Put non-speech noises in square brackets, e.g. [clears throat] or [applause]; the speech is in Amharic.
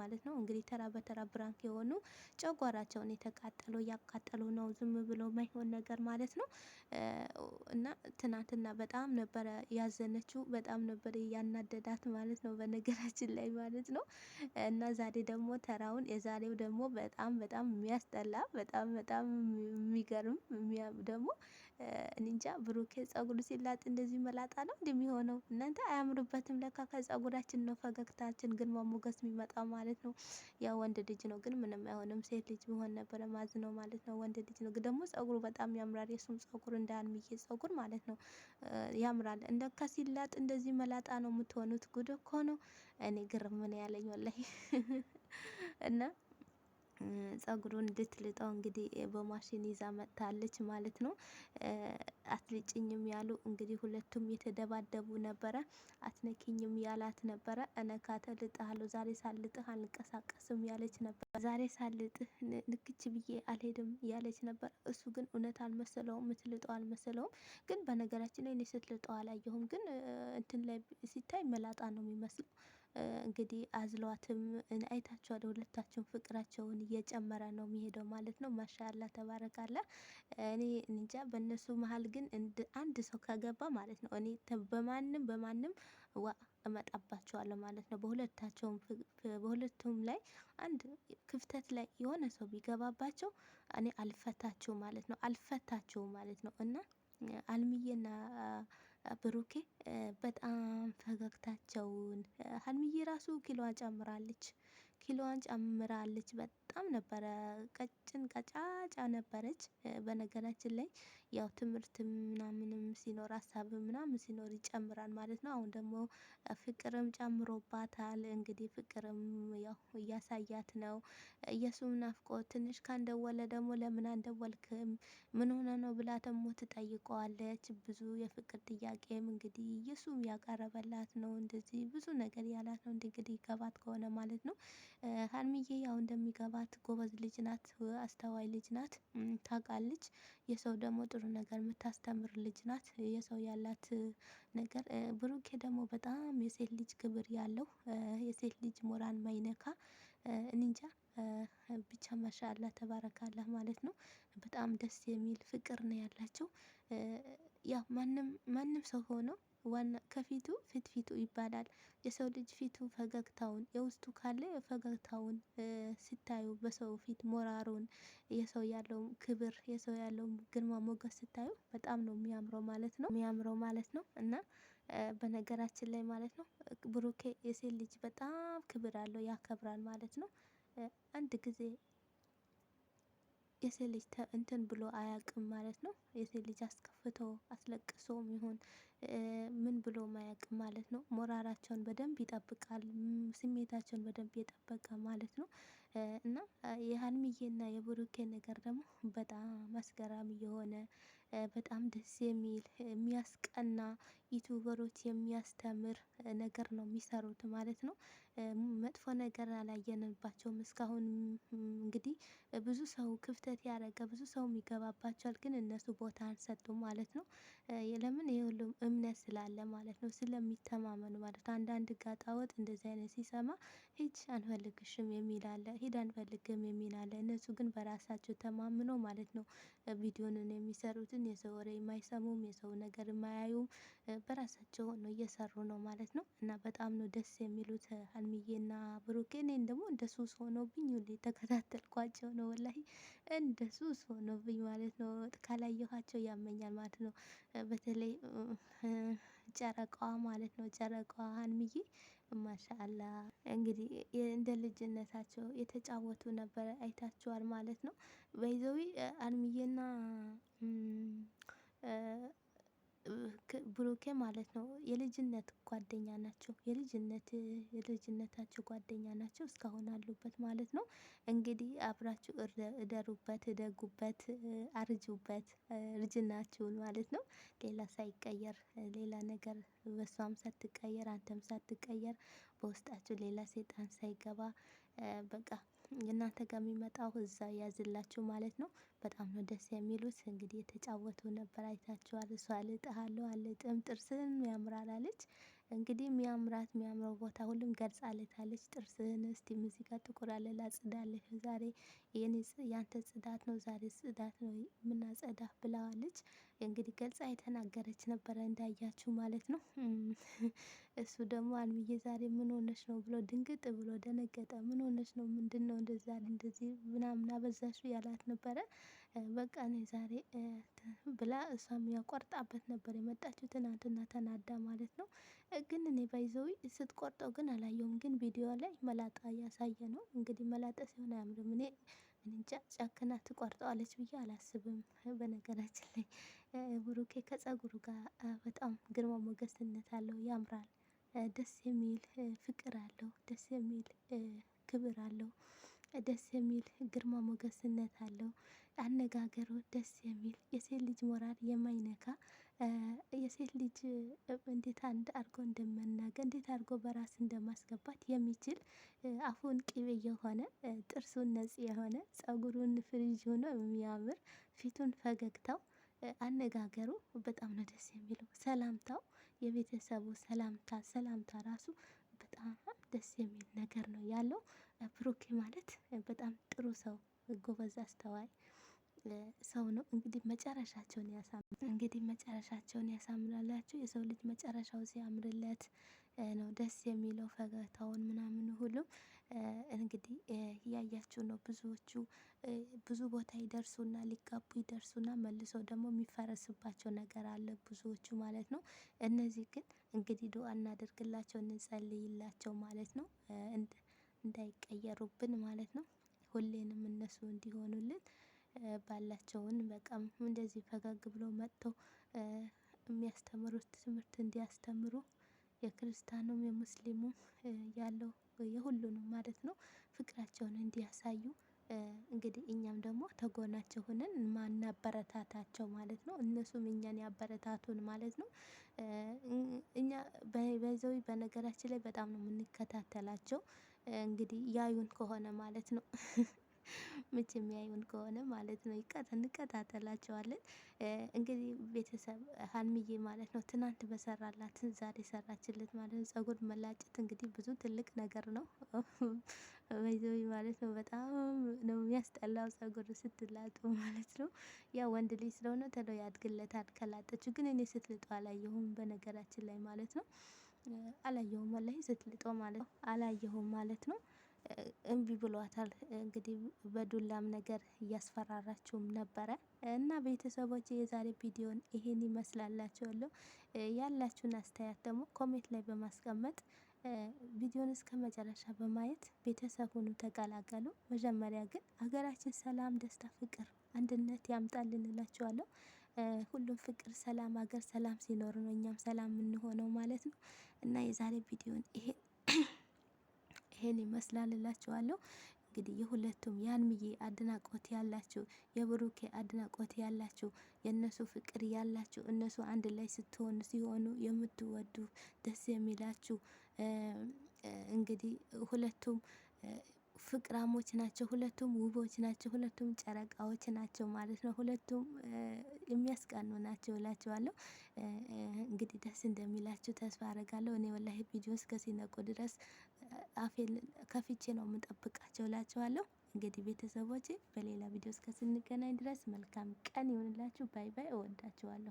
ማለት ነው። እንግዲህ ተራ በተራ ብራንክ የሆኑ ጨጓራቸውን የተቃጠለው እያቃጠሉ ነው፣ ዝም ብሎ ማይሆን ነገር ማለት ነው። እና ትናንትና በጣም ነበረ ያዘነችው፣ በጣም ነበረ እያናደዳት ማለት ነው፣ በነገራችን ላይ ማለት ነው። እና ዛሬ ደግሞ ተራውን የዛሬው ደግሞ በጣም በጣም የሚያስጠላ በጣም በጣም የሚገርም ደግሞ እንጃ ብሩኬ ጸጉሩ ሲላጥ እንደዚህ መላጣ ነው እንደሚሆነው እናንተ አያምርበትም። ለካ ከጸጉራችን ነው ፈገግታችን፣ ግርማ ሞገስ የሚመጣው ማለት ነው። ያ ወንድ ልጅ ነው ግን ምንም አይሆንም። ሴት ልጅ ቢሆን ነበረ ማዝ ነው ማለት ነው። ወንድ ልጅ ነው ደግሞ ጸጉሩ በጣም ያምራል። የሱም ጸጉር እንደ አንሚዬ ጸጉር ማለት ነው ያምራል። ለካ ሲላጥ እንደዚህ መላጣ ነው የምትሆኑት። ጉድ እኮ ነው። እኔ ግርም ያለኝ ወላሂ እና ጸጉሩን እንድትልጠው እንግዲህ በማሽን ይዛ መጥታለች ማለት ነው። አትልጭኝም ያሉ እንግዲህ ሁለቱም የተደባደቡ ነበረ። አትነኪኝም ያላት ነበረ። እነካተ ልጥሃለሁ፣ ዛሬ ሳልጥህ አልንቀሳቀስም ያለች ነበረ ዛሬ ሳልጥህ ንክች ብዬ አልሄድም ያለች ነበር። እሱ ግን እውነት አልመሰለውም፣ ምትልጠው አልመሰለውም። ግን በነገራችን ላይ እኔ ስትልጠው አላየሁም፣ ግን እንትን ላይ ሲታይ መላጣ ነው የሚመስለው። እንግዲህ አዝሏትም አይታችኋል። ሁለታቸውን ፍቅራቸውን እየጨመረ ነው የሚሄደው ማለት ነው። ማሻላ ተባረካላ። እኔ እንጃ በእነሱ መሀል ግን አንድ ሰው ከገባ ማለት ነው እኔ በማንም በማንም ዋ እመጣባቸዋለሁ ማለት ነው። በሁለታቸውም በሁለቱም ላይ አንድ ክፍተት ላይ የሆነ ሰው ቢገባባቸው እኔ አልፈታቸው ማለት ነው። አልፈታቸው ማለት ነው እና አልምዬና ብሩኬ በጣም ፈገግታቸውን ሀልሚዬ ራሱ ኪሎዋን ጨምራለች ኪሎዋን ጨምራለች። በጣም ነበረ ቀጭን ቀጫጫ ነበረች። በነገራችን ላይ ያው ትምህርት ምናምንም ሲኖር ሀሳብ ምናምን ሲኖር ይጨምራል ማለት ነው። አሁን ደግሞ ፍቅርም ጨምሮባታል። እንግዲህ ፍቅርም ያው እያሳያት ነው። የእሱም ናፍቆ ትንሽ ካንደወለ ደግሞ ለምን አንደወልክም ምን ሆነ ነው ብላ ደግሞ ትጠይቀዋለች። ብዙ የፍቅር ጥያቄም እንግዲህ እየሱም ያቀረበላት ነው። እንደዚህ ብዙ ነገር ያላት ነው እንግዲህ ይገባት ከሆነ ማለት ነው። ሀይሚዬ ያው እንደሚገባ አባት ጎበዝ ልጅ ናት፣ አስተዋይ ልጅ ናት፣ ታውቃለች። የሰው ደግሞ ጥሩ ነገር የምታስተምር ልጅ ናት። የሰው ያላት ነገር ብሩኬ ደግሞ በጣም የሴት ልጅ ክብር ያለው የሴት ልጅ ሞራል ማይነካ እንጃ ብቻ ማሻአላ ተባረካላህ ማለት ነው። በጣም ደስ የሚል ፍቅር ነው ያላቸው። ያው ማንም ማንም ሰው ሆነው ዋና ከፊቱ ፊቱ ይባላል። የሰው ልጅ ፊቱ ፈገግታውን የውስጡ ካለ ፈገግታውን ስታዩ በሰው ፊት ሞራሩን የሰው ያለውን ክብር የሰው ያለውን ግርማ ሞገስ ስታዩ በጣም ነው የሚያምረው ማለት ነው የሚያምረው ማለት ነው። እና በነገራችን ላይ ማለት ነው ብሩኬ የሴት ልጅ በጣም ክብር አለው ያከብራል ማለት ነው። አንድ ጊዜ የሴ ልጅ እንትን ብሎ አያቅም ማለት ነው። የሴት ልጅ አስከፍቶ አስለቅሶ ይሁን ምን ብሎ ማያቅም ማለት ነው። ሞራራቸውን በደንብ ይጠብቃል፣ ስሜታቸውን በደንብ የጠበቀ ማለት ነው። እና እና የብሩኬ ነገር ደግሞ በጣም አስገራሚ የሆነ በጣም ደስ የሚል የሚያስቀና ዩቱበሮች የሚያስተምር ነገር ነው የሚሰሩት ማለት ነው። መጥፎ ነገር አላየንባቸውም። እስካሁን እንግዲህ ብዙ ሰው ክፍተት ያደረገ ብዙ ሰውም ይገባባቸዋል፣ ግን እነሱ ቦታ አልሰጡም ማለት ነው። ለምን ይሄ ሁሉም እምነት ስላለ ማለት ነው፣ ስለሚተማመኑ ማለት ነው። አንዳንድ ጋጣወጥ እንደዚህ አይነት ሲሰማ ሂድ አንፈልግሽም የሚል አለ፣ ሂድ አንፈልግም የሚል አለ። እነሱ ግን በራሳቸው ተማምኖ ማለት ነው ቪዲዮንን የሚሰሩትን የሰው ወሬ የማይሰሙም የሰው ነገር የማያዩም በራሳቸው ነው እየሰሩ ነው ማለት ነው። እና በጣም ነው ደስ የሚሉት ሀይሚዬና ብሩኬ እኔን ደግሞ እንደ ሱስ ሆኖብኝ ሁሌ የተከታተልኳቸው ነው። ወላሂ እንደ ሱስ ሆኖብኝ ማለት ነው። ካላየኋቸው ያመኛል ማለት ነው። በተለይ ጨረቃዋ ማለት ነው። ጨረቃዋ ሀይሚዬ ማሻአላ እንግዲህ እንደ ልጅነታቸው የተጫወቱ ነበረ። አይታችኋል ማለት ነው። በይዘዊ ሀይሚዬና ብሩኬ ማለት ነው የልጅነት ጓደኛ ናቸው። የልጅነት የልጅነታቸው ጓደኛ ናቸው እስካሁን አሉበት ማለት ነው። እንግዲህ አብራችሁ እደሩበት፣ እደጉበት፣ አርጁበት ልጅናችሁን ማለት ነው። ሌላ ሳይቀየር ሌላ ነገር በሷም ሳትቀየር አንተም ሳትቀየር በውስጣችሁ ሌላ ሴጣን ሳይገባ በቃ እናንተ ጋር የሚመጣው እዛ ያዝላችሁ ማለት ነው። በጣም ነው ደስ የሚሉት እንግዲህ የተጫወቱ ነበር አይታችኋል። እሷ ልጥሃለሁ አልጥም ጥርስህም ያምራል አለች። እንግዲህ የሚያምራት የሚያምረው ቦታ ሁሉም ገልጻለታለች። ጥርስህን እስቲ ሙዚቃ ጋር ጥቁር አለ ላጽዳልህ፣ ዛሬ ያንተ ጽዳት ነው ዛሬ ጽዳት ነው የምናጸዳህ ብለዋለች። እንግዲህ ገልጻ የተናገረች ነበረ እንዳያችሁ ማለት ነው። [laughs] እሱ ደግሞ አልምዬ ዛሬ ምን ሆነሽ ነው ብሎ ድንግጥ ብሎ ደነገጠ። ምን ሆነሽ ነው ምንድን ነው እንደዛ እንደዚህ ምናምን አበዛሽ ያላት ነበረ። በቃ እኔ ዛሬ ብላ እሷም ያቆርጣበት ነበር የመጣችው ትናንትና ተናዳ ማለት ነው። ግን እኔ ባይዘው ስትቆርጠው ግን አላየውም። ግን ቪዲዮ ላይ መላጣ እያሳየ ነው እንግዲህ መላጣ ሲሆን አያምርም እኔ እንጃ ጨክና ትቆርጠዋለች ብዬ አላስብም። በነገራችን ላይ ብሩኬ ከጸጉሩ ጋር በጣም ግርማ ሞገስነት አለው፣ ያምራል፣ ደስ የሚል ፍቅር አለው፣ ደስ የሚል ክብር አለው። ደስ የሚል ግርማ ሞገስነት አለው። አነጋገሩ ደስ የሚል የሴት ልጅ ሞራል የማይነካ የሴት ልጅ እንዴት አንድ አድርጎ እንደመናገር እንዴት አድርጎ በራስ እንደማስገባት የሚችል አፉን ቅቤ የሆነ ጥርሱን ነጽ የሆነ ጸጉሩን ፍሪጅ ሆኖ የሚያምር ፊቱን ፈገግታው አነጋገሩ በጣም ነው ደስ የሚለው። ሰላምታው የቤተሰቡ ሰላምታ ሰላምታ ራሱ በጣም ደስ የሚል ነገር ነው ያለው። ብሩኬ ማለት በጣም ጥሩ ሰው፣ ጎበዝ፣ አስተዋይ ሰው ነው። እንግዲህ መጨረሻቸውን ያሳምራል። እንግዲህ መጨረሻቸውን ያሳምራላችሁ። የሰው ልጅ መጨረሻው ሲያምርለት ነው ደስ የሚለው ፈገግታውን ምናምን ሁሉ እንግዲህ እያያችሁ ነው። ብዙዎቹ ብዙ ቦታ ይደርሱና ሊጋቡ ይደርሱና መልሶ ደግሞ የሚፈረስባቸው ነገር አለ ብዙዎቹ ማለት ነው። እነዚህ ግን እንግዲህ ዱአ እናደርግላቸው እንጸልይላቸው ማለት ነው። እንዳይቀየሩብን ማለት ነው። ሁሌንም እነሱ እንዲሆኑልን ባላቸውን በቃም እንደዚህ ፈገግ ብሎ መጥተው የሚያስተምሩት ትምህርት እንዲያስተምሩ የክርስቲያኑም የሙስሊሙም ያለው የሁሉንም ማለት ነው ፍቅራቸውን እንዲያሳዩ እንግዲህ እኛም ደግሞ ተጎናቸው ሆነን ማናበረታታቸው ማለት ነው። እነሱም እኛን ያበረታቱን ማለት ነው። እኛ በዘዊ በነገራችን ላይ በጣም ነው የምንከታተላቸው እንግዲህ ያዩን ከሆነ ማለት ነው። [laughs] ምች ያዩን ከሆነ ማለት ነው እንከታተላቸዋለን። እንግዲህ ቤተሰብ ሀይሚዬ ማለት ነው ትናንት በሰራላት ዛሬ ሰራችለት ማለት ነው። ፀጉር መላጨት እንግዲህ ብዙ ትልቅ ነገር ነው። [laughs] ባይዘዊ ማለት ነው። በጣም ነው የሚያስጠላው ጸጉር ስትላጡ ማለት ነው። ያው ወንድ ልጅ ስለሆነ ተለው ያድግለታል። ከላጠችው ግን እኔ ስትልጠው አላየሁም፣ በነገራችን ላይ ማለት ነው። አላየሁም ወላሂ ስትልጠው ማለት ነው። አላየሁም ማለት ነው። እምቢ ብሏታል። እንግዲህ በዱላም ነገር እያስፈራራችውም ነበረ እና ቤተሰቦች የዛሬ ቪዲዮን ይሄን ይመስላላችኋለሁ። ያላችሁን አስተያየት ደግሞ ኮሜንት ላይ በማስቀመጥ ቪዲዮን እስከ መጨረሻ በማየት ቤተሰብ ሁኑ ተቀላቀሉ። መጀመሪያ ግን ሀገራችን ሰላም፣ ደስታ፣ ፍቅር፣ አንድነት ያምጣልን እላችኋለሁ። ሁሉም ፍቅር፣ ሰላም፣ ሀገር ሰላም ሲኖር ነው እኛም ሰላም የምንሆነው ማለት ነው እና የዛሬ ቪዲዮን [clears throat] ይሄን ይመስላል እላችኋለሁ። እንግዲህ የሁለቱም የሀይሚዬ አድናቆት ያላችሁ የብሩኬ አድናቆት ያላችሁ የእነሱ ፍቅር ያላችሁ እነሱ አንድ ላይ ስትሆኑ ሲሆኑ የምትወዱ ደስ የሚላችሁ እንግዲህ ሁለቱም ፍቅራሞች ናቸው። ሁለቱም ውቦች ናቸው። ሁለቱም ጨረቃዎች ናቸው ማለት ነው። ሁለቱም የሚያስቀኑ ናቸው እላቸዋለሁ። እንግዲህ ደስ እንደሚላችሁ ተስፋ አረጋለሁ። እኔ ወላሂ ቪዲዮ እስከሲነቁ ድረስ አፌን ከፍቼ ነው የምጠብቃቸው እላቸዋለሁ። እንግዲህ ቤተሰቦቼ በሌላ ቪዲዮ እስከ ስንገናኝ ድረስ መልካም ቀን ይሆንላችሁ። ባይ ባይ። እወዳችኋለሁ።